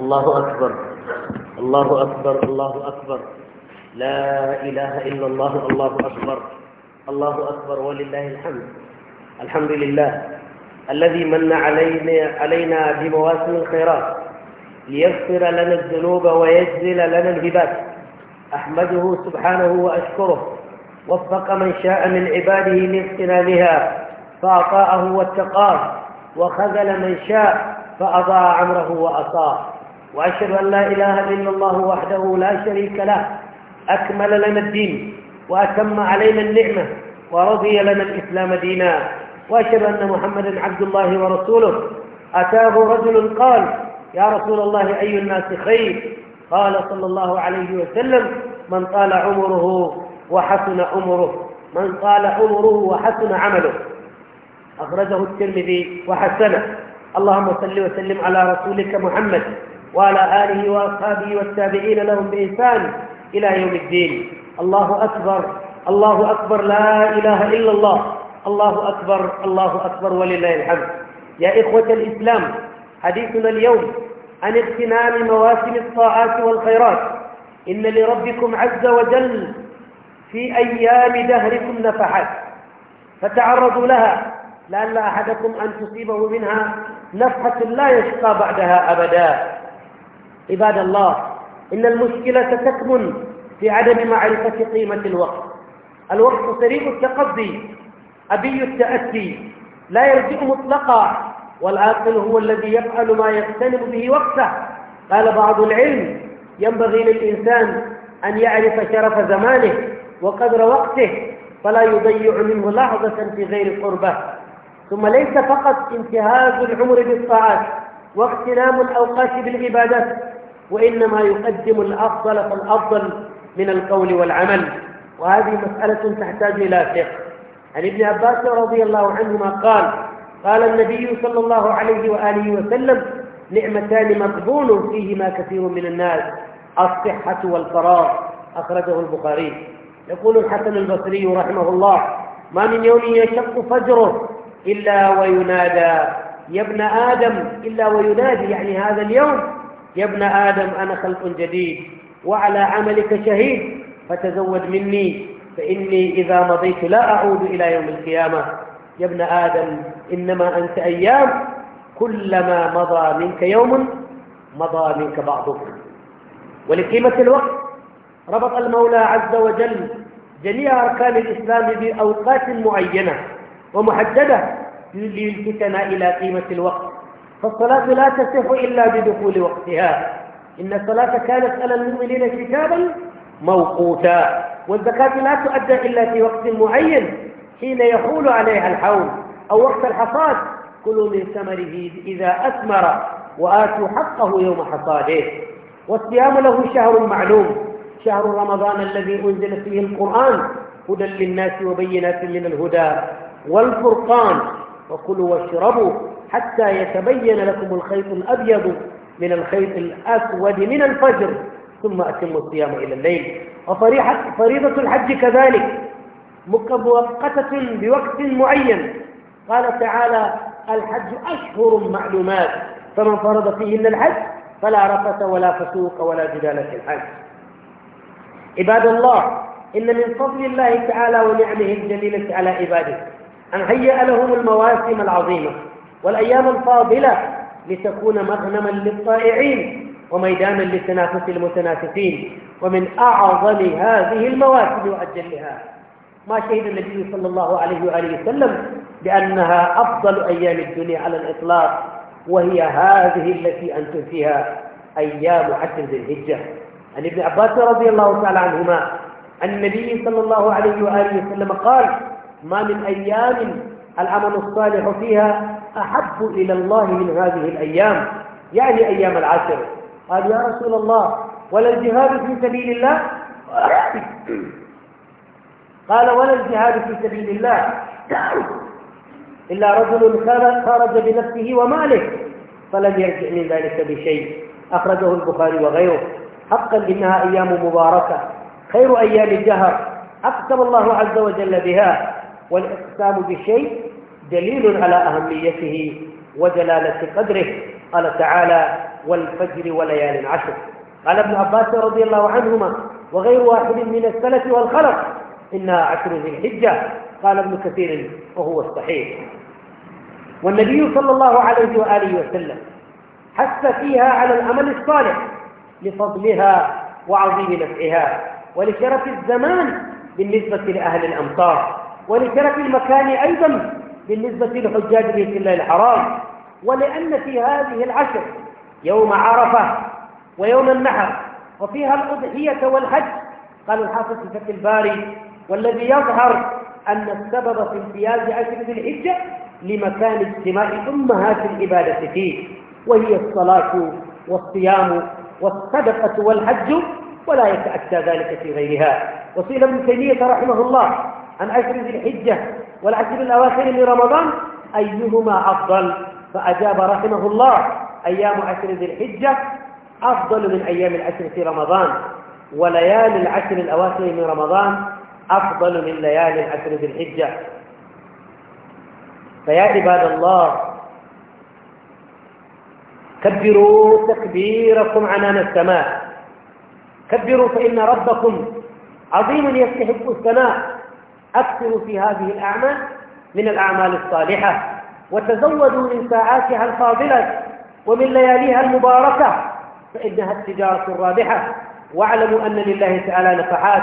الله أكبر الله أكبر الله أكبر لا إله إلا الله الله أكبر الله أكبر ولله الحمد الحمد لله الذي من علينا, علينا بمواسم الخيرات ليغفر لنا الذنوب ويجزل لنا الهبات أحمده سبحانه وأشكره وفق من شاء من عباده لاغتنامها فأطاءه واتقاه وخذل من شاء فأضاع عمره وأصاه وأشهد أن لا إله إلا الله وحده لا شريك له أكمل لنا الدين وأتم علينا النعمة ورضي لنا الإسلام دينا وأشهد أن محمدا عبد الله ورسوله أتاه رجل قال يا رسول الله أي الناس خير قال صلى الله عليه وسلم من طال عمره وحسن عمره من طال عمره وحسن عمله أخرجه الترمذي وحسنه اللهم صل وسلم على رسولك محمد وعلى آله وأصحابه والتابعين لهم بإحسان إلى يوم الدين الله أكبر الله أكبر لا إله إلا الله الله أكبر الله أكبر ولله الحمد يا إخوة الإسلام حديثنا اليوم عن اغتنام مواسم الطاعات والخيرات إن لربكم عز وجل في أيام دهركم نفحات فتعرضوا لها لأن أحدكم أن تصيبه منها نفحة لا يشقى بعدها أبدا عباد الله إن المشكلة تكمن في عدم معرفة قيمة الوقت الوقت سريع التقضي أبي التأتي لا يرجع مطلقا والعاقل هو الذي يفعل ما يغتنم به وقته قال بعض العلم ينبغي للإنسان أن يعرف شرف زمانه وقدر وقته فلا يضيع منه لحظة في غير قربه ثم ليس فقط انتهاز العمر بالطاعات واغتنام الأوقات بالعبادات وإنما يقدم الأفضل فالأفضل من القول والعمل وهذه مسألة تحتاج إلى فقه عن ابن عباس رضي الله عنهما قال قال النبي صلى الله عليه وآله وسلم نعمتان مقبول فيهما كثير من الناس الصحة والفراغ أخرجه البخاري يقول الحسن البصري رحمه الله ما من يوم يشق فجره إلا وينادى يا ابن آدم إلا وينادي يعني هذا اليوم يا ابن آدم أنا خلق جديد وعلى عملك شهيد فتزود مني فإني إذا مضيت لا أعود إلى يوم القيامة يا ابن آدم إنما أنت أيام كلما مضى منك يوم مضى منك بعضه ولقيمة الوقت ربط المولى عز وجل جميع أركان الإسلام بأوقات معينة ومحددة للفتن إلى قيمة الوقت فالصلاة لا تصح إلا بدخول وقتها إن الصلاة كانت على المؤمنين كتابا موقوتا والزكاة لا تؤدى إلا في وقت معين حين يحول عليها الحول أو وقت الحصاد كلوا من ثمره إذا أثمر وآتوا حقه يوم حصاده والصيام له شهر معلوم شهر رمضان الذي أنزل فيه القرآن هدى للناس وبينات من الهدى والفرقان وكلوا واشربوا حتى يتبين لكم الخيط الأبيض من الخيط الأسود من الفجر ثم أتموا الصيام إلى الليل وفريضة الحج كذلك مؤقتة بوقت معين قال تعالى الحج أشهر معلومات فمن فرض فيهن الحج فلا رفث ولا فسوق ولا جدال في الحج عباد الله إن من فضل الله تعالى ونعمه الجليلة على عباده أن هيأ لهم المواسم العظيمة والأيام الفاضلة لتكون مغنما للطائعين وميدانا للتنافس المتنافسين ومن أعظم هذه المواسم وأجلها ما شهد النبي صلى الله عليه وآله وسلم بأنها أفضل أيام الدنيا على الإطلاق وهي هذه التي أنتم فيها أيام عشر ذي الهجة عن ابن عباس رضي الله تعالى عنهما عن النبي صلى الله عليه وآله وسلم قال ما من أيام العمل الصالح فيها أحب إلى الله من هذه الأيام يعني أيام العشر قال يا رسول الله ولا الجهاد في سبيل الله قال ولا الجهاد في سبيل الله إلا رجل خرج بنفسه وماله فلم يرجع من ذلك بشيء أخرجه البخاري وغيره حقا إنها أيام مباركة خير أيام الدهر أقسم الله عز وجل بها والاقسام بشيء دليل على أهميته وجلالة قدره قال تعالى والفجر وليال عشر قال ابن عباس رضي الله عنهما وغير واحد من السلف والخلق إنها عشر ذي الحجة قال ابن كثير وهو الصحيح والنبي صلى الله عليه وآله وسلم حث فيها على العمل الصالح لفضلها وعظيم نفعها ولشرف الزمان بالنسبة لأهل الأمطار ولترك المكان أيضا بالنسبة لحجاج بيت الله الحرام ولأن في هذه العشر يوم عرفة ويوم النحر وفيها الأضحية والحج قال الحافظ في الباري والذي يظهر أن السبب في امتياز عشر ذي الحجة لمكان اجتماع أمهات العبادة فيه وهي الصلاة والصيام والصدقة والحج ولا يتأتى ذلك في غيرها وصيل ابن تيمية رحمه الله عن عشر ذي الحجة والعشر الأواخر من رمضان أيهما أفضل فأجاب رحمه الله أيام عشر ذي الحجة أفضل من أيام العشر في رمضان وليالي العشر الأواخر من رمضان أفضل من ليالي العشر ذي الحجة فيا عباد الله كبروا تكبيركم عنان السماء كبروا فإن ربكم عظيم يستحق الثناء أكثروا في هذه الأعمال من الأعمال الصالحة وتزودوا من ساعاتها الفاضلة ومن لياليها المباركة فإنها التجارة الرابحة واعلموا أن لله تعالى نفحات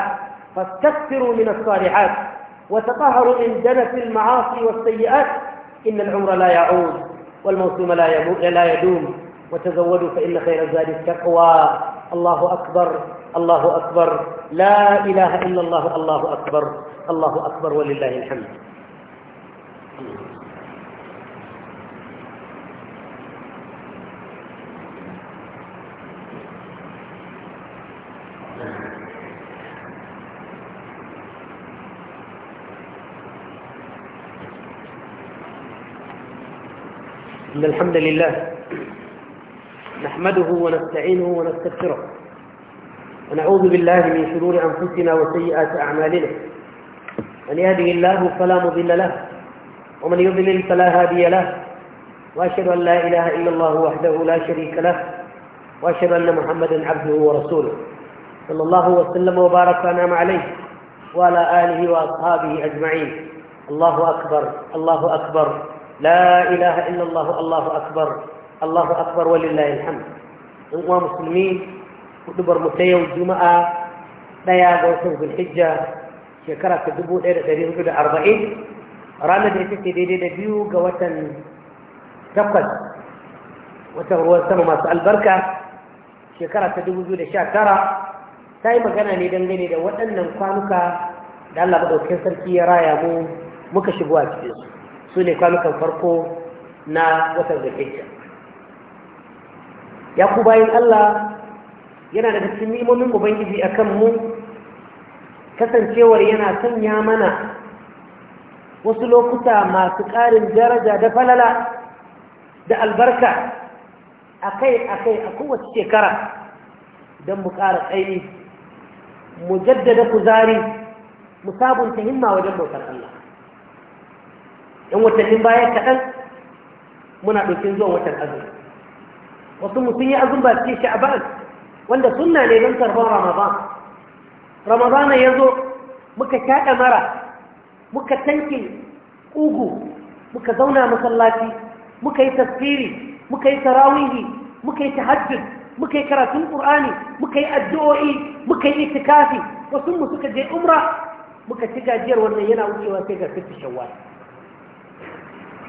فاستكثروا من الصالحات وتطهروا من دنس المعاصي والسيئات إن العمر لا يعود والموسم لا يدوم وتزودوا فإن خير الزاد التقوى الله أكبر الله أكبر لا إله إلا الله الله أكبر الله أكبر ولله الحمد إن الحمد لله نحمده ونستعينه ونستغفره ونعوذ بالله من شرور أنفسنا وسيئات أعمالنا من يهده الله فلا مضل له ومن يضلل فلا هادي له وأشهد أن لا إله إلا الله وحده لا شريك له وأشهد أن محمدا عبده ورسوله صلى الله وسلم وبارك وأنعم عليه وعلى آله وأصحابه أجمعين الله أكبر الله أكبر لا إله إلا الله الله أكبر الله أكبر ولله الحمد أنقوى مسلمين ودبر متيم الجمعة لا يا الحجة shekara ta dubu ɗaya da ɗari hudu da arba'in ranar da ita ce daidai da biyu ga watan takwas watan ruwan sama masu albarka shekara ta dubu biyu da sha tara ta yi magana ne dangane da waɗannan kwanuka da Allah maɗaukin sarki ya raya mu muka shigo a cikin su su ne kwanukan farko na watan zulhijja ya ku bayan Allah yana daga cikin nimomin ubangiji akan mu kasancewar yana sanya mana wasu lokuta masu ƙarin daraja da falala da albarka akai-akai a kowace shekara don mu ƙara tsayi mu jaddada kuzari mu sabunta himma wajen bautar Allah ‘yan watannin baya kaɗan muna ɗaukin zuwa watan azumi wasu mutum yi azumba ce sha'aban wanda sunna ne don karɓar ramadan ramadana ya zo muka kyaɗa mara muka tanki ugu, muka zauna masallaci muka yi tasiri muka yi sarawihi, muka yi tahajjud muka yi karatun ƙur'ani muka yi addu'o'i muka yi itikafi wasu mu suka je umra muka ci gajiyar wannan yana wucewa sai ga fitu shawwal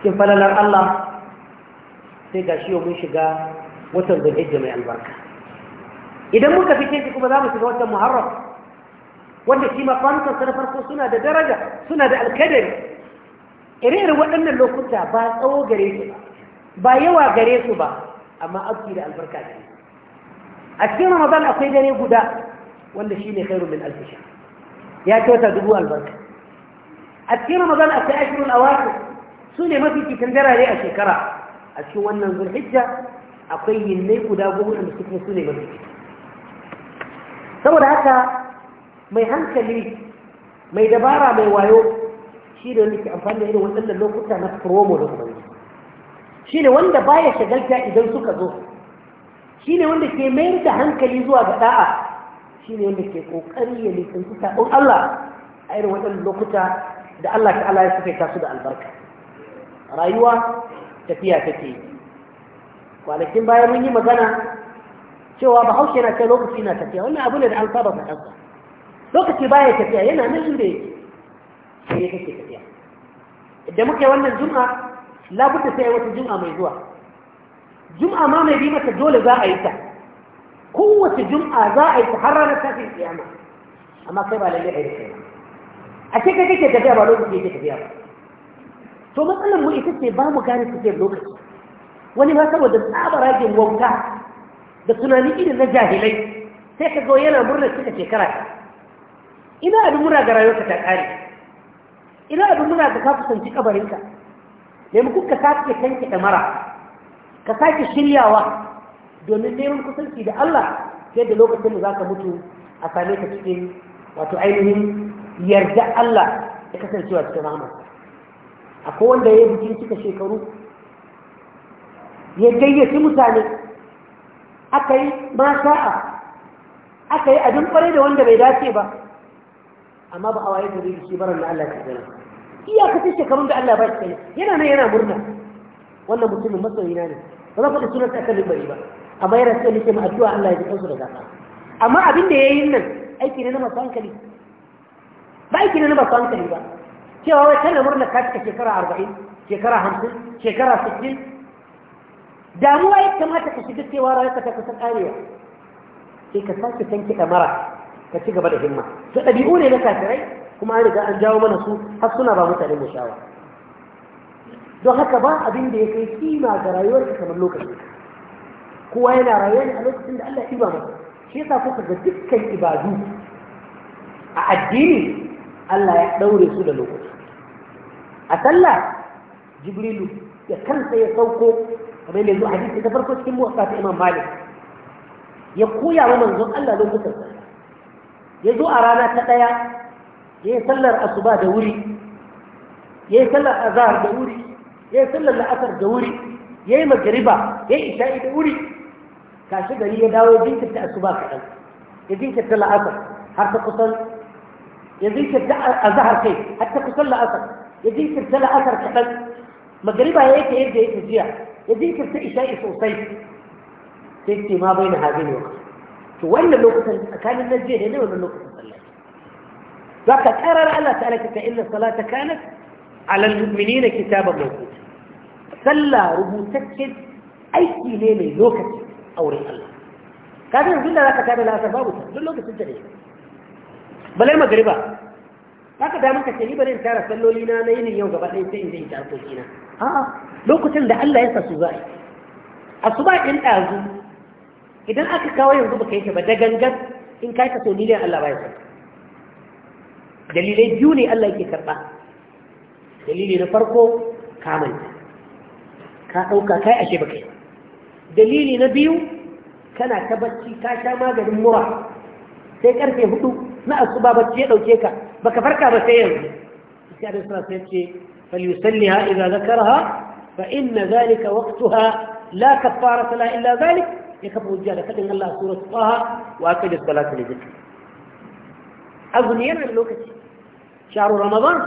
cikin falalar Allah sai ga shi mun shiga watan zulhijja mai albarka idan muka fice shi kuma za mu shiga watan muharram wanda shi ma kwanukansa na farko suna da daraja suna da alkadari irin waɗannan lokuta ba tsawo gare su ba ba yawa gare su ba amma aiki da albarka gare a cikin ramadan akwai dare guda wanda shi ne khairu min alfi ya kyauta dubu albarka a cikin ramadan akwai ashirin awaki su ne mafi cikin darare a shekara a cikin wannan zulhijja akwai yinnai guda goma da suke su ne mafi saboda haka mai hankali mai dabara mai wayo shi ne wanda ke amfani da irin waɗannan lokuta na promo da ubangiji shi ne wanda baya shagalta idan suka zo shi ne wanda ke mayar da hankali zuwa ga da'a shi ne wanda ke ƙoƙari ya nisan nisanci saɓon Allah a irin waɗannan lokuta da Allah ta'ala ya suke su da albarka rayuwa tafiya take yi kwanakin baya mun yi magana cewa bahaushe na kai lokaci na tafiya wannan abu ne da an saba faɗansa lokaci ba ya tafiya yana nan inda yake sai ya kake tafiya idan muke wannan juma labuta sai wata juma mai zuwa juma ma mai bi mata dole za a yi ta kowace juma za a yi ta har ranar tashin kiyama amma sai ba lalle a yi kai a ce kai kake tafiya ba lokaci yake tafiya ba to matsalar mu ita ce ba mu gane tafiyar lokaci wani ma saboda tsabaragen wauta da tunani irin na jahilai sai ka zo yana murnar cika shekara ina abin muna ga rayuwarka ta ƙare ina abin muna ga ka kusanci kabarinka maimakon ka sake kanke ɗamara ka sake shiryawa domin neman kusanci da Allah yadda lokacin da za ka mutu a same ka cikin wato ainihin yarda Allah ya kasancewa cikin rahama akwai wanda ya yi bikin cika shekaru ya gayyaci mutane aka yi masha'a aka yi abin kwarai da wanda bai dace ba amma ba a hawaye ta zai shi baran da Allah ya ta gani iyakacin shekarun da Allah ba shi yana nan yana murna wannan mutumin masoyina ne ba za faɗi sunan akalin bari ba amma yana sai nake ma addu'a Allah ya ji kansu da gafa amma abin da yayin nan aiki ne na masu hankali ba aiki ne na masu hankali ba cewa wai kana murna ka cika shekara arba'in shekara hamsin shekara sittin damuwa ya kamata ka shiga cewa rayuwarka ta kusa ƙarewa sai ka sake tanki kamara ka ci gaba da himma to ɗabi'u ne na kafirai kuma an riga an jawo mana su har suna ba mutane mu shawa don haka ba abin da ya kai kima ga rayuwarka kamar lokacin kowa yana rayuwa ne a lokacin da Allah ya ɗiba masa shi yasa kuka ga dukkan ibadu a addini Allah ya ɗaure su da lokaci a sallah jibrilu ya kansa ya sauko kamar yanzu hadisi ta farko cikin muwaffaqat imam malik ya koya wa manzon Allah lokutan ya zo a rana ta ɗaya ya yi sallar asuba da wuri ya yi sallar azahar da wuri ya yi sallar la'asar da wuri ya yi magariba ya yi isha'i da wuri kashi gari ya dawo ya jinkirta asuba kaɗan ya jinkirta la'asar har ta kusan ya jinkirta azahar kai har ta kusan la'asar ya jinkirta la'asar kaɗan magariba ya yake yadda ya tafiya ya jinkirta isha'i sosai sai ce ma bai na hajji ne wa to wannan lokutan tsakanin na jiya da ne wannan lokutan sallah za ka karar Allah ta alaka ta inna salata kanat alal mu'minina kitaban mawqut sallah rubutaccen aiki ne mai lokaci a wurin Allah ka ga yanzu da zaka tada lasa babu ta duk lokacin ta ne balai magriba ka da ka ce ni bari in tara salloli na na yinin yau gaba ɗaya sai in zai ta harkoki na a'a lokacin da Allah ya sa su A za'i asuba in ɗazu idan aka kawo yanzu baka yi ba da gangan in kai ka so miliyan Allah baya son dalilai biyu ne Allah yake karɓa dalili na farko ka manta ka ɗauka kai ashe baka yi dalili na biyu kana ta bacci ka sha maganin mura sai karfe hudu na asuba bacci ya ɗauke ka baka farka ba sai yanzu sai da sura sai ce falyusalliha idza zakaraha fa inna zalika waqtaha la kaffarata la illa zalik ya kafa hujja da fadin Allah surat Taha wa aqidus salata li dhikri azumi yana da lokaci shahru ramadan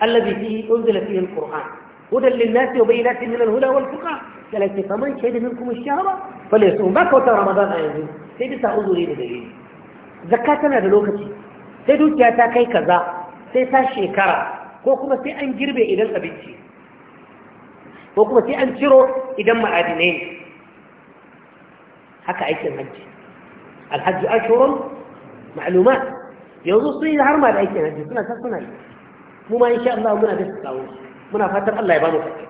alladhi fihi unzila fihi alquran hudan lin-nasi wa bayyinatin min al-huda wal-furqan talaka faman shahida minkum ash-shahra falyasum ka wata ramadan a yanzu sai bisa uzuri da dalili zakka tana da lokaci sai dukiya ta kai kaza sai ta shekara ko kuma sai an girbe idan abinci ko kuma sai an ciro idan ma'adinai ne. haka aikin hajji alhajji ashurun ma'lumat yanzu sun yi har ma da aikin hajji suna ta suna yi mu ma insha Allah muna da tsawo muna fatan Allah ya ba mu karfi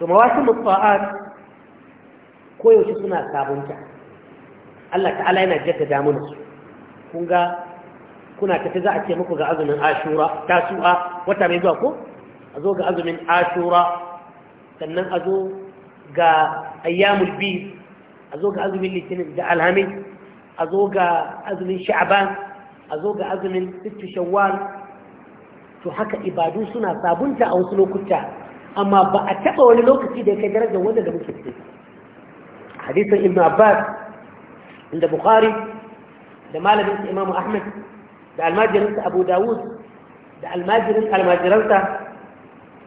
to mawasim ta'at koyaushe suna sabunta Allah ta'ala yana jaddada mana su kun ga kuna tafi za a ce muku ga azumin ashura tasu'a wata mai zuwa ko a zo ga azumin ashura sannan a zo ga ayyamul bi a zo ga azumin litinin da alhamis a zo ga azumin sha'aban a ga azumin sittu shawwal to haka ibadu suna sabunta a wasu lokuta amma ba a taɓa wani lokaci da ya kai darajar wanda da muke ciki hadisin ibn abbas inda bukhari da malamin imamu ahmad da almajirinsa abu dawud da almajirin almajiransa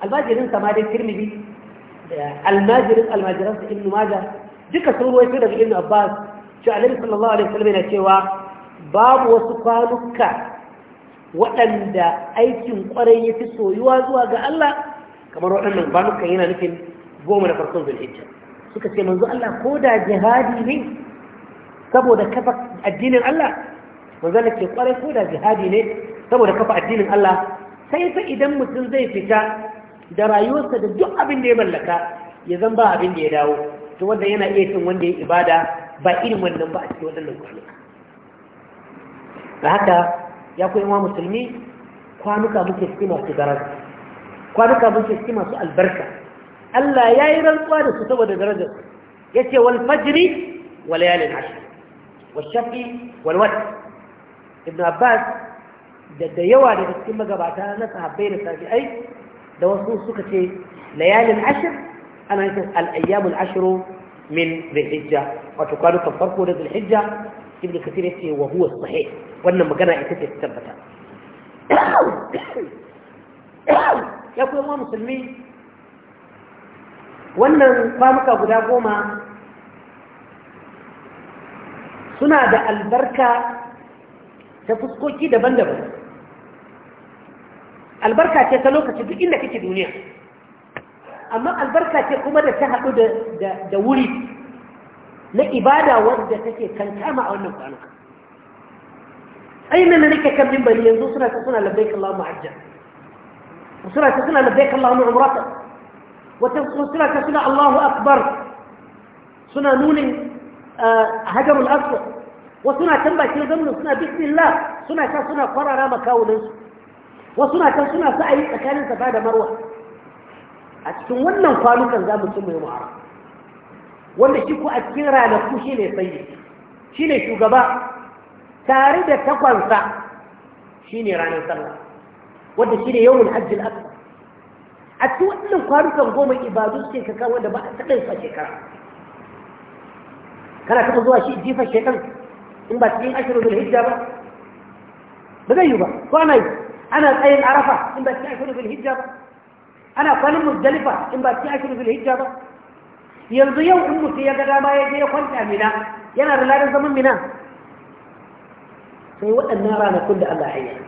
almajirinsa ma dai da almajirin duka sun ruwaito daga ibn abbas shi annabi sallallahu alaihi wasallam yana cewa babu wasu kwanuka waɗanda aikin kwarai ya fi soyuwa zuwa ga Allah kamar waɗannan kwanuka yana nufin goma da farkon zulhijja suka ce manzo Allah ko da jihadi ne saboda kafa addinin Allah manzo Allah ce ƙwarai ko da jihadi ne saboda kafa addinin Allah sai fa idan mutum zai fita da rayuwarsa da duk abin da ya mallaka ya zan ba abin da ya dawo to wanda yana iya cin wanda ya ibada ba irin wannan ba a cikin waɗannan kwanuka da haka ya koyi ma musulmi kwanuka muke ciki masu daraja kwanuka muke ciki masu albarka Allah ya yi rantsuwa da su saboda darajar ya ce wal fajiri! wal yalin ashir wal shafi wal wat ibn abbas da da yawa daga cikin magabata na sahabbai da tabi'ai da wasu suka ce layalin ashir أنا أنت الأيام العشر من ذي الحجة وتقال كفرك ذي الحجة ابن كثير يأتي وهو الصحيح وأن مقنع يتسي يا يقول الله مسلمين وأن قامك أبو داقوما سنة البركة تفسكو كده بندبا البركة تتلوك تدقينك في الدنيا amma albarka ce kuma da ta haɗu da wuri na ibada wadda take kankama a wannan kwanuka ainihin na nake kan mimbari yanzu suna ta suna labbaik Allah mu'ajjal suna ta suna labbaik Allah mu'umrata wata suna ta suna Allahu akbar suna nunin uh, hajarul aswad wasu na can bakin zamanin suna bismillah suna ta suna kwarara makawuninsu wasu na can suna sa'ayi tsakanin safa da marwa a cikin wannan kwanukan za mu ci mai mu'ara wanda shi ku a cikin ranaku shi ne sayi shi ne shugaba tare da takwansa shi ne ranar sallah wanda shi ne yawon hajjil aksa a cikin wannan kwanukan goma ibadu suke kaka wanda ba a taɗin sa shekara kana taɓa zuwa shi jifa shekan in ba cikin ashirin zuwa hijja ba ba zai yi ba ko ana yi ana tsayin arafa in ba cikin ashirin zuwa hijja ba أنا قلم مزدلفة إن بأتي أكل في الهجرة يرضي يوم أمتي يقرى ما يجي يقول يا ينا رلا الزمن منا سيوى أن رانا كل الله عيان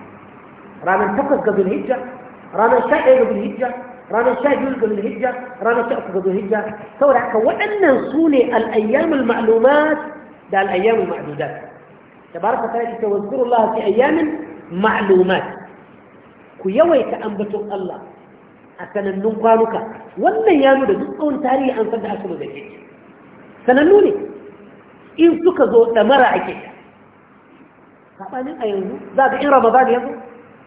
رانا انتقص قبل الهجرة رانا شائع قبل الهجرة رانا شاي جول قبل الهجرة رانا شاي قبل الهجرة سورة وأن نصوني الأيام المعلومات دا الأيام المعدودات تبارك وتعالى تذكر الله في أيام معلومات كيويت أنبت الله a sanannun kwanuka wannan ya nuna duk tsawon tarihi an san da asuba da ke sanannu ne in suka zo ɗamara ake saɓanin a yanzu za ga in ramadan yanzu.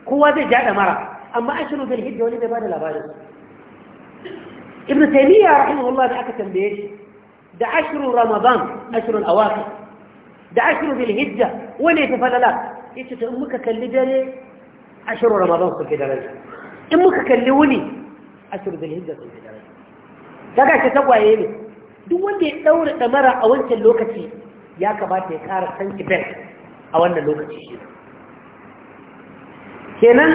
kowa zai ja ɗamara amma ashirin bil hijja wani bai ba da labarin ibn taymiya rahimahullah da aka tambaye shi da ashirin ramadan ashirin awaki da ashirin bil hijja wani ya falala yace to in muka kalli dare ashirin ramadan su ke daraja in muka kalli wuni ashirin da hijjar sun hijira daga shi tagwaye ne duk wanda ya daura damara a wancan lokaci ya kamata ya kara san kibel a wannan lokaci shi kenan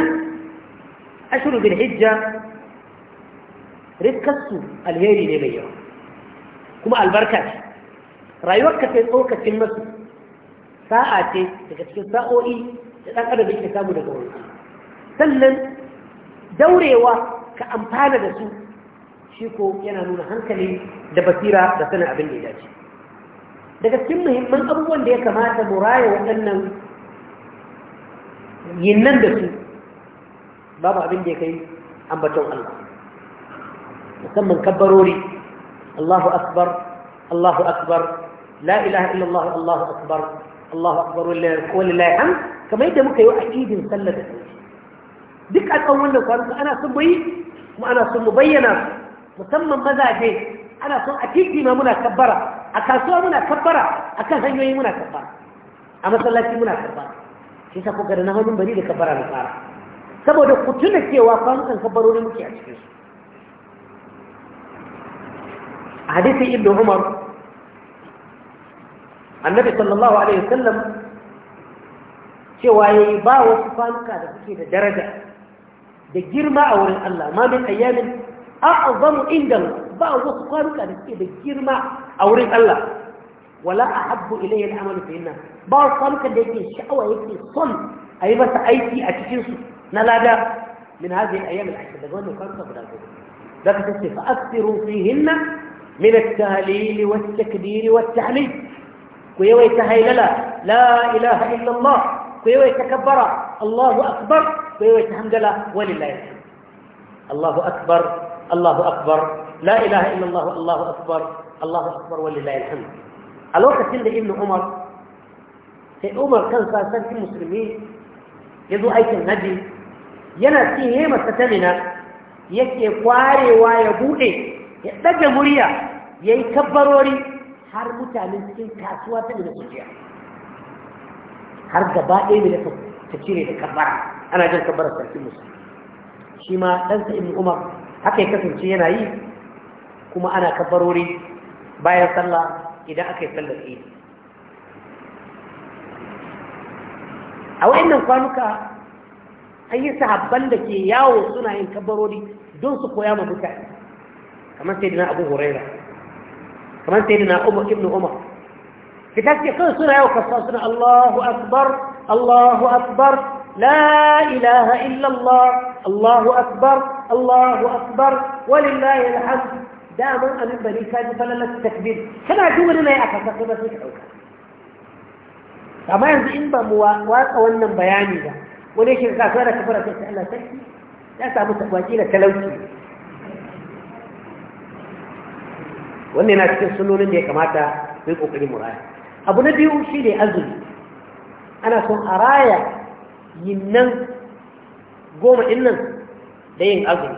ashirin da hijja rikarsu alheri ne mai yawa kuma albarka ce ka sai tsokacin masu sa'a ce daga cikin sa'o'i da ɗan adam yake samu daga wani sannan daurewa ka amfana da su shi ko yana nuna hankali da basira da sanin abin da ya dace daga cikin muhimman abubuwan da ya kamata mu raya waɗannan yinnan da su babu abin da ya kai ambaton Allah musamman kabbarori Allahu akbar Allahu akbar la ilaha illallah Allahu akbar Allahu akbar wallahi kamar yadda muka yi wa aqidin sallar da duk a tsawon wannan kwanaki ana son mu yi kuma ana son mu bayyana musamman mazaje ana son a titi ma muna kabbara a kasuwa muna kabbara a kan hanyoyi muna kabbara a masallaci muna kabbara shi sa kuka da na hannun bari da kabbara na fara saboda ku tuna cewa kwanukan kabbarori muke a cikin su a hadisin ibnu umar annabi sallallahu alaihi wasallam cewa yayi ba wasu kwanuka da suke da daraja da girma a wurin Allah ma min ayyamin a'zamu inda ba wasu kwanuka da suke da girma a wurin Allah wala ahabbu ilayya al-amal fi inna ba wasu kwanuka da yake sha'awa yake son a yi masa aiki a cikin su na lada min hadhihi al-ayyam al-ashr daga wannan kwanuka guda goma da ka tace fa akthiru fihinna min at-tahlil wa at-takbir wa at-tahlil ku yawaita haylala la ilaha illa Allah ku yawaita kabbara Allahu akbar sai wai hamdala walillahi Allahu akbar Allahu akbar la ilaha illallah Allahu akbar Allahu akbar walillahi alhamd a lokacin da Ibn Umar sai Umar kansa sarkin musulmi ya zo aikin haji yana cin hemarsa satamina mina yake kwarewa ya bude ya ɗage murya ya yi kabbarori har mutanen cikin kasuwa ta da zuciya har gaba ɗaya mai da tafi ne da kabara ana jin kabarar sarkin musulmi shi ma ɗansa ibn umar haka ya kasance yana yi kuma ana kabarori bayan sallah idan aka yi sallar idi a wa'annan kwanuka an yi sahabban da ke yawo suna yin kabarori don su koya ma mutane kamar sai dina abu huraira kamar sai dina umar ibn umar fita ce kawai suna yau kasa suna allahu akbar الله أكبر لا إله إلا الله الله أكبر الله أكبر ولله الحمد دائما أمن بني كاجي فلنا التكبير كما يأكل فقط in ba mu watsa wannan bayani ba wani shi kasuwa da kafara sai Allah sarki ya samu tabbaki da talauci wannan cikin sunonin da ya kamata kokari abu na biyu shi ne azumi ana son a raya yin nan goma ɗin nan da yin azumi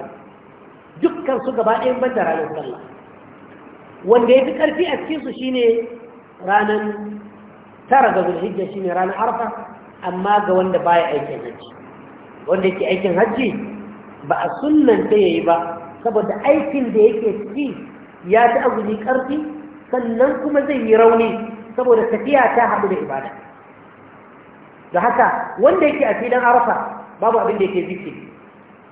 dukkan su gaba ɗayan ban da ranar sallah wanda ya fi ƙarfi a cikinsu shi ne ranar tara ga zulhijja shi ne ranar arfa amma ga wanda baya aikin hajji wanda yake aikin hajji ba a sunnan ta yayi ba saboda aikin da yake ciki ya ta azumi ƙarfi sannan kuma zai yi rauni saboda tafiya ta haɗu da ibada da haka wanda yake a filin arafa babu abin da yake zikiri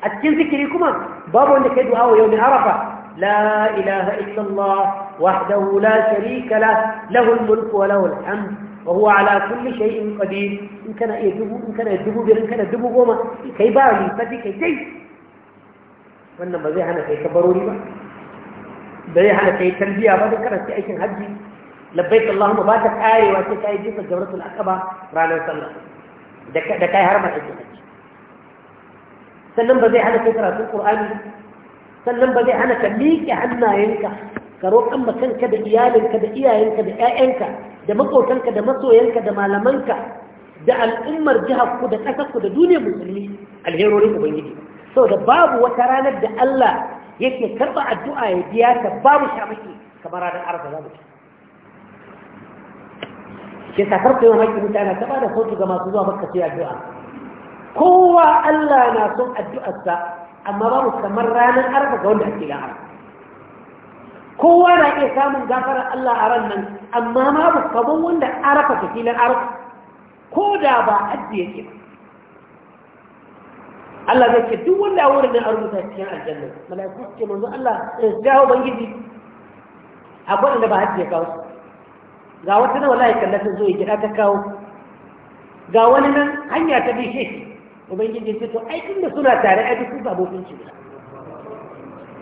a cikin zikiri kuma babu wanda kai du'a wa yau min arafa la ilaha illallah wahdahu la sharika la lahu al-mulku wa lahu al-hamd wa huwa ala kulli shay'in qadir in kana iya dubu in kana dubu biyar in kana dubu goma kai ba lissafi kai kai wannan ba zai hana kai kabarori ba ba zai hana kai talbiya ba duk kana aikin hajji labbaik allahumma ba ta kare karewa sai kai jifa jawratul aqaba ranar sallah da kai har mace ce sannan ba zai hana kai karatun qur'ani sannan ba zai hana ka miƙe hannayenka ka roƙan ma kanka da iyalinka da iyayenka da ƴaƴanka da maƙotanka da masoyanka da malamanka da al'ummar jihar ku da ƙasar ku da duniyar musulmi alherorin ubangiji da babu wata ranar da Allah yake karɓa addu'a ya biya ta babu shamaki kamar ranar arfa za mu ke sakar koyon haƙƙin mutane ta ba da sauki ga masu zuwa makka sai addu'a kowa Allah na son addu'arsa amma babu kamar ranar arfa ga wanda ake lahar kowa na iya samun gafarar Allah a ran nan amma babu kamar wanda arafa ta filin arafa ko da ba addu'a ke ba Allah zai ce duk wanda a wurin nan a rubuta cikin aljanna mala'iku ce manzo Allah ya jawo bangiji akwai wanda ba hajji ya kawo su ga wata nawa wallahi kalla ta zo ya kira ta kawo ga wani nan hanya ta bishe shi ubangiji ce to ai inda suna tare ai duk ba bokin ci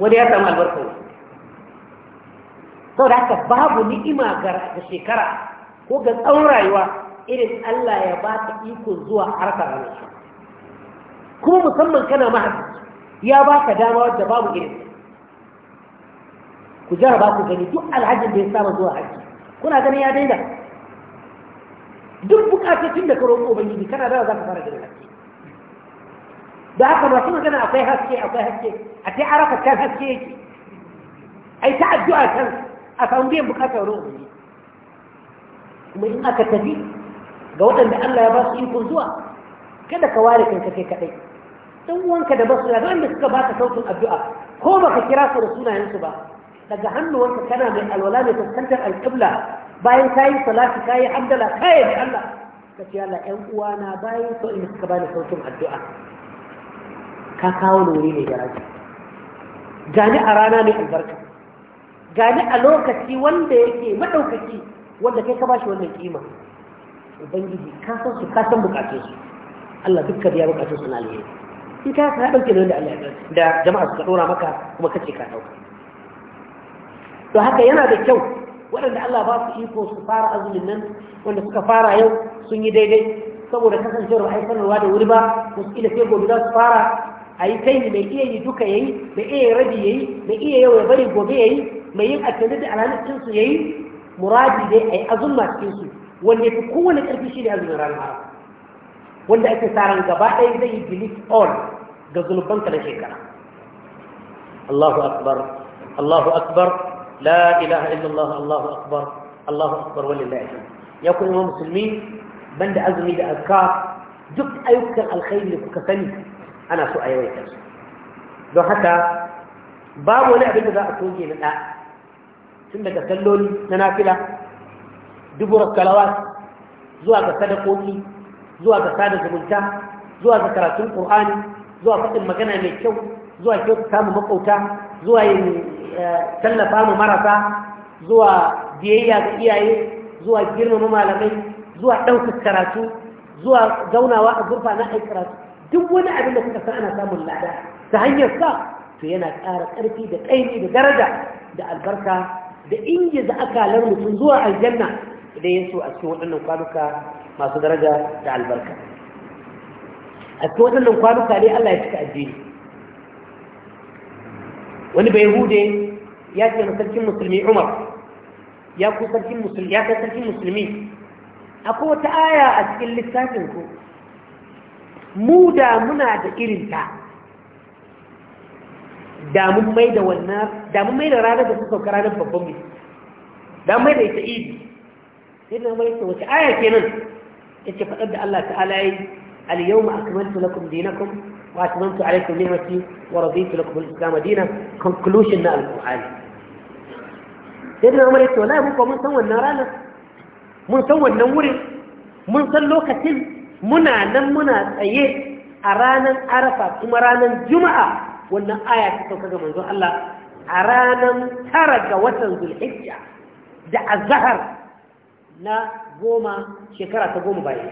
wani ya samu albarka ne. sau da haka babu ni'ima ga shekara ko ga tsawon rayuwa irin Allah ya ba ta iko zuwa harka ranar shi kuma musamman kana mahaifi ya ba ka dama wadda babu irin ku jara ba ku gani duk alhajin da ya saba zuwa Haji. kuna ganin ya daina duk bukatun da ka roƙo ubangiji kana da za ka fara ganin haske da haka masu magana akwai haske akwai haske a ta arafa kan haske yake ai ta addu'a kan a samu biyan bukatar ruwan ubangiji kuma in aka tafi ga waɗanda Allah ya ba su ikon zuwa kada ka ware kanka kai kaɗai dan uwanka da basu da wanda suka baka sautin addu'a ko baka kira su da sunayensu ba daga hannuwanka kana mai alwala mai fuskantar alƙibla bayan ka yi salati ka yi abdala ka yi Allah ka ce Allah ƴan uwana bayan so in suka bani sautin addu'a ka kawo ni wuri mai garaji gani a rana mai albarka gani a lokaci wanda yake madaukaki wanda kai ka bashi wannan kima ubangiji ka san su ka san bukatun su Allah dukkan ya bukatun su na alheri in ka ka dauke da wanda Allah ya da jama'a suka dora maka kuma kace ka dauka to haka yana da kyau waɗanda Allah ba su iko su fara azumin nan wanda suka fara yau sun yi daidai saboda kasancewar ba a yi sanarwa da wuri ba wasu ila sai gobe za su fara a yi kai mai iya yi duka ya yi mai iya yi rabi ya yi mai iya yau ya bari gobe ya yi mai yin akidar da alhamis ɗinsu ya yi muradi dai a yi azumma cikinsu wanda ya fi kowane ƙarfi shi ne azumin ranar arab wanda ake tsaron gaba ɗaya zai yi delete all ga zunubanka na shekara Allahu akbar Allahu akbar la ilaha illallah Allahu akbar Allahu akbar walillahi alhamd ya ku imam musulmi banda azumi da azka duk ayyukan alkhairi da kuka sani ana so a yawaita su don haka babu wani abin da za a toge na da tun daga salloli na nafila dubura kalawa zuwa ga sadakoki zuwa ga sada zumunta zuwa ga karatun qur'ani zuwa faɗin magana mai kyau zuwa kyau samu makauta zuwa yin tallafa mu marasa zuwa biyayya ga iyaye zuwa girmama malamai zuwa ɗaukar karatu zuwa zaunawa a gurfa na aiki karatu duk wani abin da kuka san ana samun lada ta hanyar sa to yana ƙara ƙarfi da ƙaimi da daraja da albarka da aka akalar mutum zuwa aljanna idan ya so a cikin waɗannan kwanuka masu daraja da albarka a cikin waɗannan kwanuka ne Allah ya cika addini wani bai hude ya ce sarkin musulmi umar ya kai sarkin musulmi akwai wata aya a cikin littafin mu da muna da irin ta da mai da ranar da su sauka ranar babban mai damun mai da ita idi sai da mai ta wace aya ya ce faɗar da Allah ta'ala yi اليوم أكملت لكم دينكم وأتممت عليكم نعمتي ورضيت لكم الإسلام دينا conclusion na سيدنا عمر يقول والله muka mun san wannan ranar mun san wannan wurin mun san lokacin muna nan muna tsaye a ranan arafa kuma ranar juma'a wannan aya ta sauka ga manzon Allah a ranan tara ga watan zulhijja da azhar na goma shekara ta goma bayan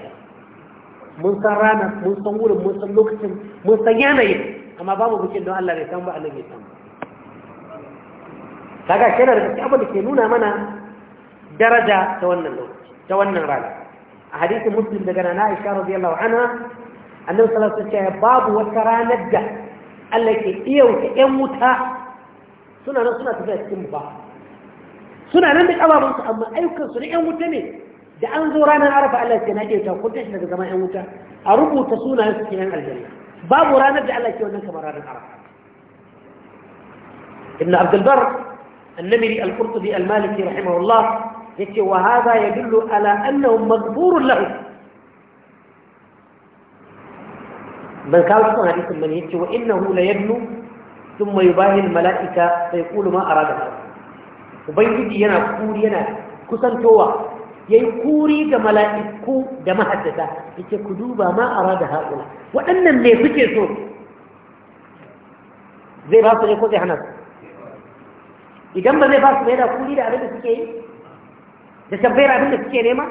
mun san ranar mun san wurin mun san lokacin mun san yanayin amma babu bikin don Allah bai san ba Allah annabi san ba kaga kenan da abin da ke nuna mana daraja ta wannan lokaci ta wannan rana a hadisin muslim daga nana Aisha radiyallahu anha annabi sallallahu alaihi wasallam babu wata ranar da Allah ke iya wuta ƴan wuta suna nan suna tafiya cikin ba suna nan da kababansu amma ayyukansu na ƴan wuta ne da an zo ranar arafa Allah ke nake ta kun tashi daga zaman yan wuta a rubuta sunayen su kenan aljanna babu ranar da Allah ke wannan kamar ranar arafa ibn abdul bar annamiri al-qurtubi al-maliki rahimahullah yace wa hadha yadullu ala annahu maghfurun lahu بل قال سبحانه حديث من يتش وإنه ليبنو ثم يباهي الملائكة فيقول ما أراد الله وبين يدي ينا كوري ينا كسن توا ya yi kuri ga mala'iku da mahaddata ya ce ku duba ma a rada haƙula waɗannan ne suke so zai ba su ne ko zai hana su idan ba zai ba su mai da kuri da abin da suke yi da tabbayar abin da suke nema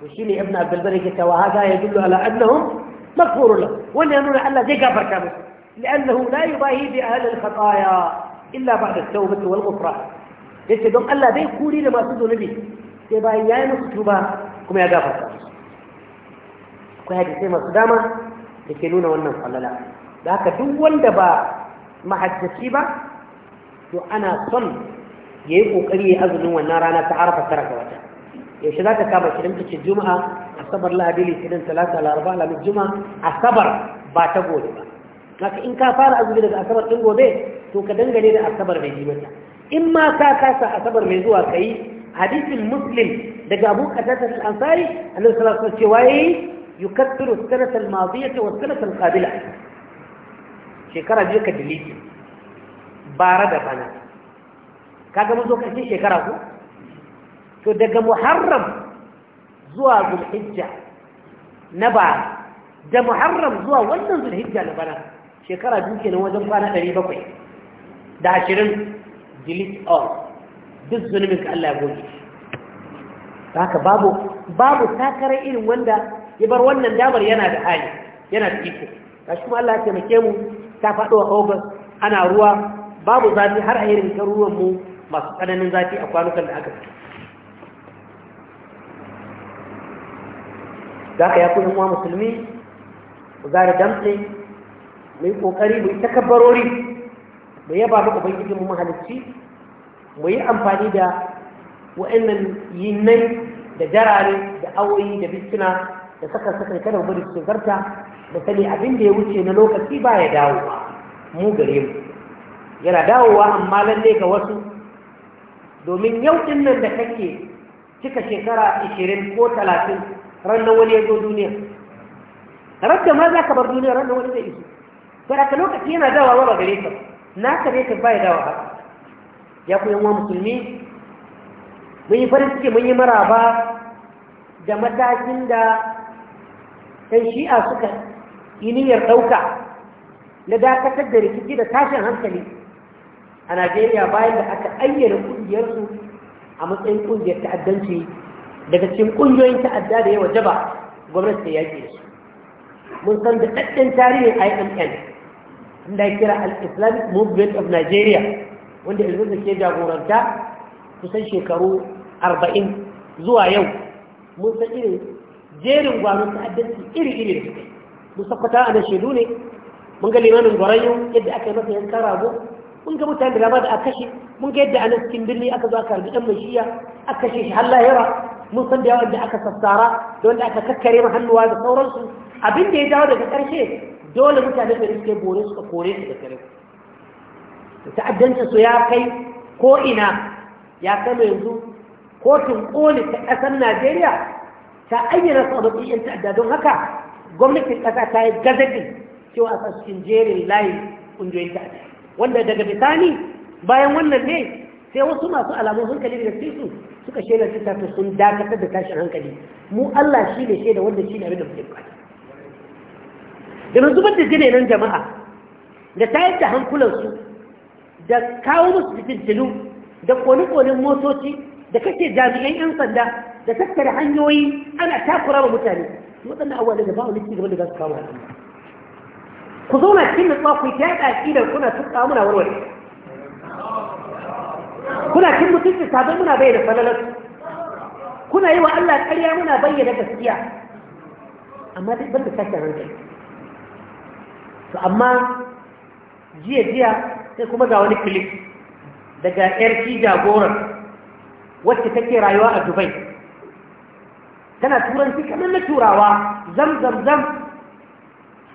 to shi ne ibn abdulbar yake cewa haka ya dullu ala annahum maghfurun lahu wannan ya nuna Allah zai gafarta musu لأنه لا يباهي بأهل الخطايا إلا بعد التوبة والغفران yace don Allah bai kuri da masu zunubi sai bayan ya yi musu tuba kuma ya gafarta su akwai hadisai masu dama da ke nuna wannan falala da haka duk wanda ba mahajjaci ba to ana son ya yi ƙoƙari ya azumin wannan rana ta arafa tara ga wata yaushe za ka kama shirin ta juma'a asabar lahadi litinin talata laraba alamis juma'a asabar ba ta gobe ba haka in ka fara azumi daga asabar ɗin gobe to ka dangane da asabar mai jimata in ma ka kasa asabar mai zuwa ka yi hadisin muslim daga abu qatadah al-ansari annabi sallallahu alaihi wasallam cewa yayi yukaththiru as-sanata al-madiyata wa as-sanata al-qabila shekara biyu ka diliti bara da bana kaga mun zo karshen shekara ku? to daga muharram zuwa zulhijja na ba da muharram zuwa wannan zulhijja na bana shekara biyu ke nan wajen kwana 700 da 20 delete all duk zunubin ka Allah ya goge haka babu babu takarar irin wanda ya bar wannan damar yana da hali yana da iko gashi kuma Allah ya taimake mu ta faɗo a ana ruwa babu zafi har a irin ruwan mu masu tsananin zafi a kwanukan da aka fi za ka ya kuma musulmi ku zara damtse mu yi ƙoƙari mu yi takabbarori mu yaba mu ubangijin mu mahalicci mu yi amfani da wa'annan yinnai da jarare da awoyi da biskina da saka saka kada mu bari su zarta da sani abin da ya wuce na lokaci ba ya dawo mu gare mu yana dawowa amma lalle ga wasu domin yau din nan da kake cika shekara 20 ko 30 ranar wani ya zo duniya rabda ma za ka bar duniya ranar wani zai iso sai aka lokaci yana dawowa ba gare ka na ka ka ba ya dawowa ya ku yanwa musulmi mun yi farin ciki mun yi maraba da matakin da ɗan shi'a suka yi niyyar ɗauka na dakatar da rikici da tashin hankali a najeriya bayan da aka ayyana ƙungiyarsu a matsayin ƙungiyar ta'addanci daga cikin ƙungiyoyin ta'adda da yawa jaba gwamnati ta yaƙi su mun san da ɗaɗɗin tarihin imn da kira al-islamic movement of nigeria wanda yanzu da ke jagoranta kusan shekaru arba'in zuwa yau mun san irin jerin gwanon ta'addanci iri-iri da suka yi mun sakwata a nan shaidu ne mun ga limanin gwarayo yadda aka yi masa yankan rago mun ga mutane da da aka kashe mun ga yadda a nan cikin birni aka zo aka harbi ɗan mai shiya aka kashe shi har lahira mun san da yawan da aka sassara da wanda aka kakkare ma hannuwa da sauransu abin da ya dawo daga ƙarshe dole mutane da suke bore suka kore su da kare ta'addancin su ya kai ko ina ya kama yanzu kotun koli ta ƙasar najeriya ta ayyana su a matsayin 'yan ta'adda don haka gwamnatin ƙasa ta yi gazaɗi cewa a cikin jerin layi ƙungiyoyin ta'adda wanda daga bisani bayan wannan ne sai wasu masu alamun hankali daga da su suka shaida ta ta sun dakatar da tashin hankali mu Allah shi ne shaida wanda shi ne abin da muke bukata da zubar da jine nan jama'a da tayar da hankulansu da kawo musu fitintinu da kone-konen motoci da kake jami'an 'yan sanda da tattara hanyoyi ana takura wa mutane waɗannan abuwa da ba a lissi game da za su kawo ku zauna cikin nutsuwa ku ta yaɗa aƙidar kuna tuka muna warware kuna cin mutunci sabon muna bayyana falalar kuna yi wa Allah ƙarya muna bayyana gaskiya amma duk banda tashin hankali to amma jiya jiya sai kuma ga wani clip daga yarki jagorar wacce take rayuwa a dubai tana turanci kamar na turawa zam zam zam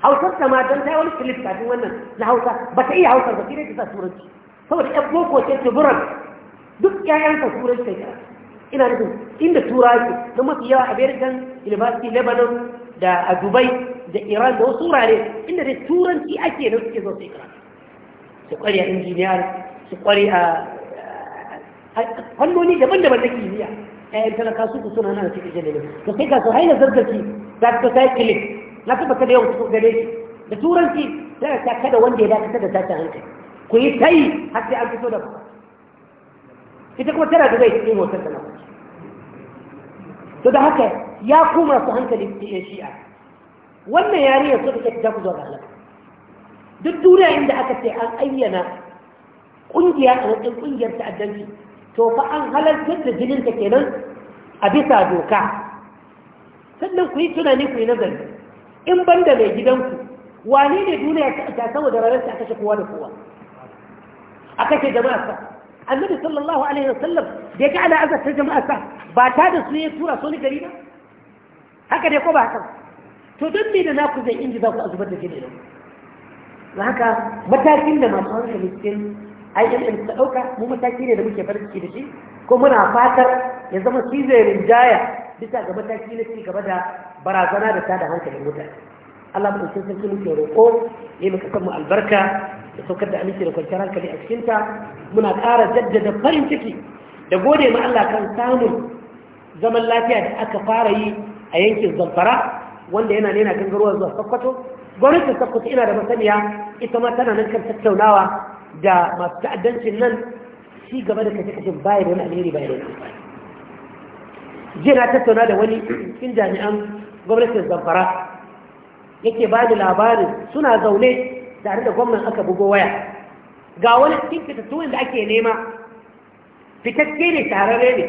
hausar ta ma don ta wani clip kafin wannan na hausa ba ta iya hausar ba sai ta sa turanci saboda yan boko ce tuburan duk ƴaƴansa turanci kai ina nufin inda turawa ke na mafi yawa a american university lebanon da a dubai da iran da wasu wurare inda dai turanci ake na suke zo su ikirata su kware a injiniyar su kware a fannoni daban-daban na kimiyya ƴaƴan talaka su ku suna nan cikin jirgin to sai ka su haina zarzaki za ka sai kilin na tabbata da yawan su gare shi da turanci za ka kada wanda ya dakatar da tashin hankali ku yi tayi har sai an fito da ku ita kuma tana da zai cikin hotar da lokaci to da haka ya kuma su hankali cikin shi'a wannan yariya su da ta ku zuwa ga halaka duk duniya inda aka ce an ayyana ƙungiya a matsayin ƙungiyar ta'addanci to fa an halartar da jinin ta kenan a bisa doka sannan ku yi tunani ku yi nazari in banda mai gidanku wane ne duniya ta saboda ranar ta kashe kowa da kowa a kashe jama'a jama'arsa annabi sallallahu alaihi wa sallam, da ya ga ana azartar sa, ba ta da su ya tura so ni gari ba haka dai ko ba haka to don me da naku zai inji za ku zubar da jini nan da haka matakin da masu hankali cikin IMM ta ɗauka mu mataki ne da muke farin ciki da shi ko muna fatar ya zama shi rinjaya bisa ga mataki na ci gaba da barazana da tada hankalin mutane Allah mu cikin sarki muke roƙo ya muka san mu albarka da saukar da aminci da kwanciyar hankali a cikin muna ƙara jaddada farin ciki da gode mu Allah kan samun zaman lafiya da aka fara yi a yankin Zamfara wanda yana nena gangarowa zuwa Sokoto gwamnatin sakkwato ina da masaniya ita ma tana nan kan tattaunawa da masu ta'addancin nan ci gaba da kashe-kashen bayan wani alheri bayan wani jiya na tattauna da wani cikin jami'an gwamnatin zamfara yake ba da labarin suna zaune tare da gwamnan aka bugo waya ga wani cikin fitattuwan da ake nema fitacce ne tarare ne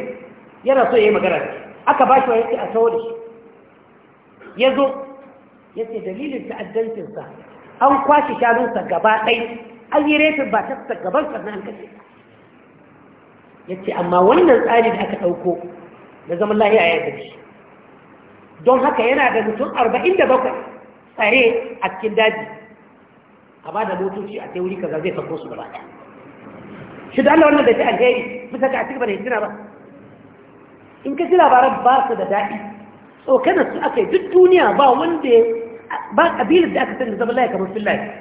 yana so ya yi magana aka ba shi wa yake a sauri ya zo ya ce dalilin ta'addancinsa an kwashe shanunsa gaba ɗai an yi refin ba ta gaban sannan an kashe ya ce amma wannan tsari da aka ɗauko da zama lahiya ya yarda don haka yana da mutum arba'in da bakwai tsare a cikin daji a ba da motoci a sai wuri kaza zai sako su gaba ɗaya shi da Allah wannan da ta alheri bisa ga a cikin ba da hitina ba in ka ji labaran ba su da daɗi tsokanar su aka yi duk duniya ba wanda ba kabilar da aka sani zama laye kamar fillaye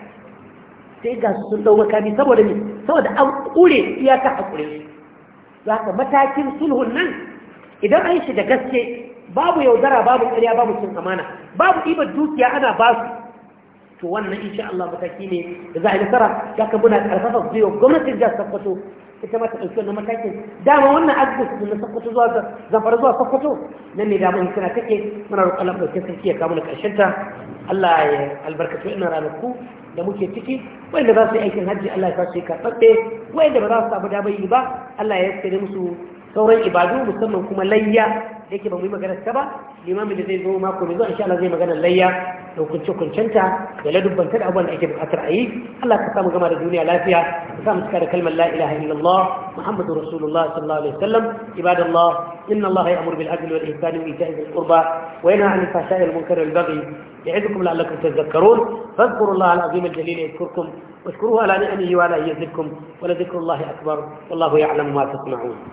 sai ga su sun dau makami saboda ne saboda an kure iyaka a kure za ka matakin sulhun nan idan an shi da gaske babu yaudara babu karya babu cin amana babu ibar dukiya ana ba su to wannan insha Allah mataki ne da za a yi nasara ya ka muna karfafa zuwa gwamnatin jihar Sokoto ita ma ta ɗauki wannan matakin dama wannan addis na sakkwato zuwa zafar zuwa sakkwato nan ne damar suna take muna roƙon Allah ɗauke sarki ya karshen ƙarshen ta Allah ya albarkatu ina ranaku da muke ciki wanda za su yi aikin hajji Allah ya sa su yi karɓaɓɓe wanda ba za su samu damar yi ba Allah ya yaskare musu sauran ibadu musamman kuma layya da yake ba mu yi magana ta ba limamin da zai zo mako mai zuwa insha Allah zai magana layya da hukunce hukuncenta da ladubbanta da abubuwan da ake bukatar a yi Allah ka samu gama da duniya lafiya ka samu cika da kalmar la ilaha illallah muhammadu rasulullah sallallahu alaihi wasallam ibadallah inna Allah ya'muru bil adli wal ihsani wa ita'i dhil qurba wa yanha 'anil fahsha'i wal munkari wal baghi يعظكم لعلكم تذكرون فاذكروا الله العظيم الجليل يذكركم واشكروه على نعمه وعلى يزدكم ولذكر الله أكبر والله يعلم ما تصنعون